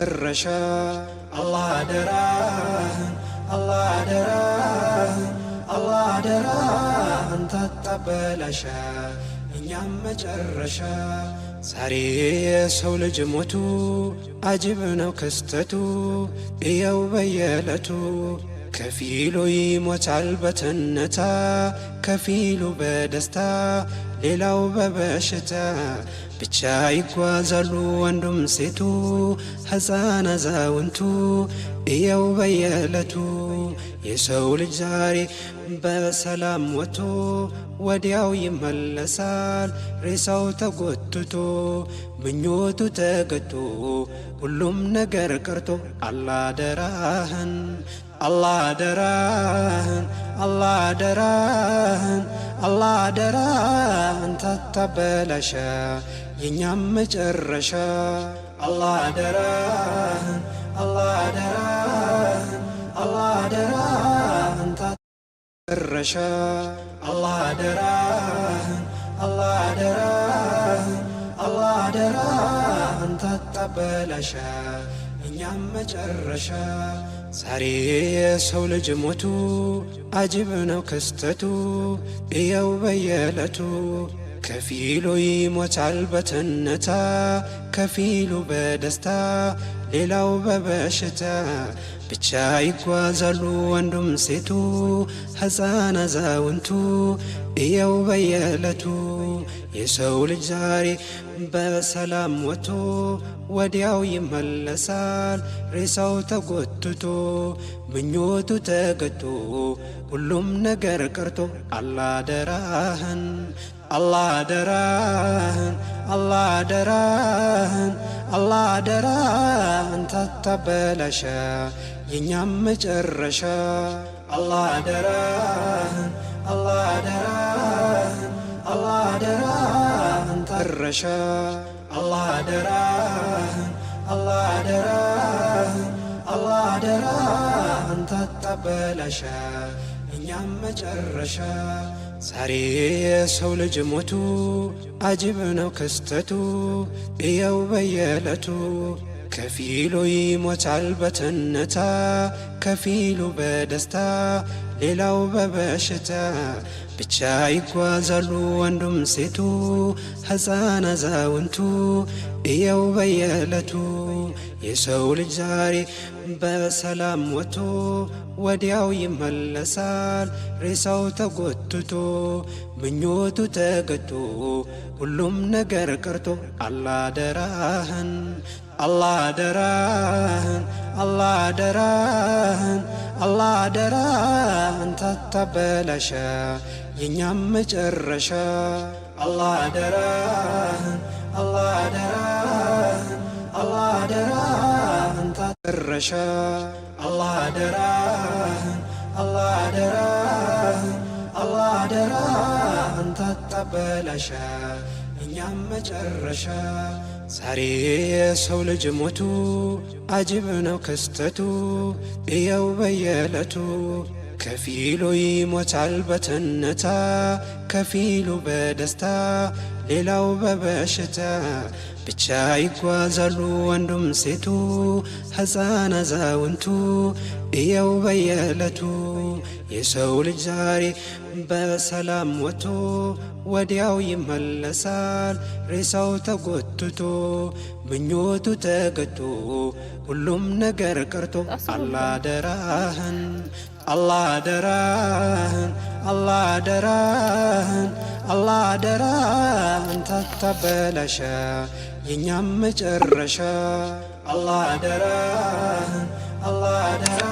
መረሻ አላህ አደራህን አላህ አደራህን አላህ አደራህን ታጣበላሻ እኛም መጨረሻ ዛሬ የሰው ልጅ ሞቱ አጅብ ነው ክስተቱ እየው በየዕለቱ ከፊሉ ይሞታል በትንታ ከፊሉ በደስታ ሌላው በበሽታ ብቻ ይጓዛሉ ወንዱም ሴቱ ሕፃን አዛውንቱ እየው በየዕለቱ የሰው ልጅ ዛሬ በሰላም ወጥቶ ወዲያው ይመለሳል ሬሳው ተጎትቶ ምኞቱ ተገቶ ሁሉም ነገር ቀርቶ አላህ ደራህን አላህ ደራህን ደራህን አላህ አደራ አንተ ታበላሸ የእኛም መጨረሻ አላህ አደራ አላህ አደራ አላህ አደራ አንተ መጨረሻ አላህ አደራ አላህ አደራ አላህ አደራ አበላሻ እኛም መጨረሻ ዛሬ የሰው ልጅ ሞቱ አጅብ ነው ክስተቱ እየው በየዕለቱ ከፊሉ ይሞታል በትነታ ከፊሉ በደስታ ሌላው በበሽታ ብቻ ይጓዛሉ ወንዱም ሴቱ ሕፃን አዛውንቱ እየው በየዕለቱ የሰው ልጅ ዛሬ በሰላም ወጥቶ ወዲያው ይመለሳል ሬሳው ተጎትቶ ምኞቱ ተገቶ ሁሉም ነገር ቀርቶ አላህ ደራህን አላህ ደራህን አላህ ደራህን ደራህን የኛም መጨረሻ አላህ ደራህን ደራህን አላህ አደራህን ጠረሻ አላህ አደራህን አላህ አደራህን አላህ አደራህን ታጣበላሻ እኛም መጨረሻ ዛሬ የሰው ልጅ ሞቱ አጅብ ነው ክስተቱ እየው በየዕለቱ ከፊሉ ይሞታል በተነታ ከፊሉ በደስታ ሌላው በበሽታ ብቻ ይጓዛሉ ወንዱም ሴቱ ሕፃን አዛውንቱ እየው በየዕለቱ የሰው ልጅ ዛሬ በሰላም ወጥቶ ወዲያው ይመለሳል። ሬሳው ተጎትቶ ምኞቱ ተገቶ ሁሉም ነገር ቀርቶ አላህ ደራህን አላ ደራህን አላህ ደራህን ደራህን የኛም መጨረሻ አላህ ደራህን ተሻ አላህ አደራህን አላህ አደራህን አላህ አደራህን ታታበላሻ እኛም መጨረሻ ዛሬ የሰው ልጅ ሞቱ አጅብ ነው ክስተቱ እየው በየዕለቱ ከፊሉ ይሞታል በተነታ ከፊሉ በደስታ ሌላው በበሽታ ብቻ ይጓዛሉ ወንዱም ሴቱ ሕፃን አዛውንቱ እየው በየዕለቱ የሰው ልጅ ዛሬ በሰላም ወጥቶ ወዲያው ይመለሳል። ሬሳው ተጎትቶ ምኞቱ ተገቶ ሁሉም ነገር ቀርቶ አላደራህን አደራህን አላደራህን አላደራህን አላህ የእኛም መጨረሻ አላደራህን አላደራ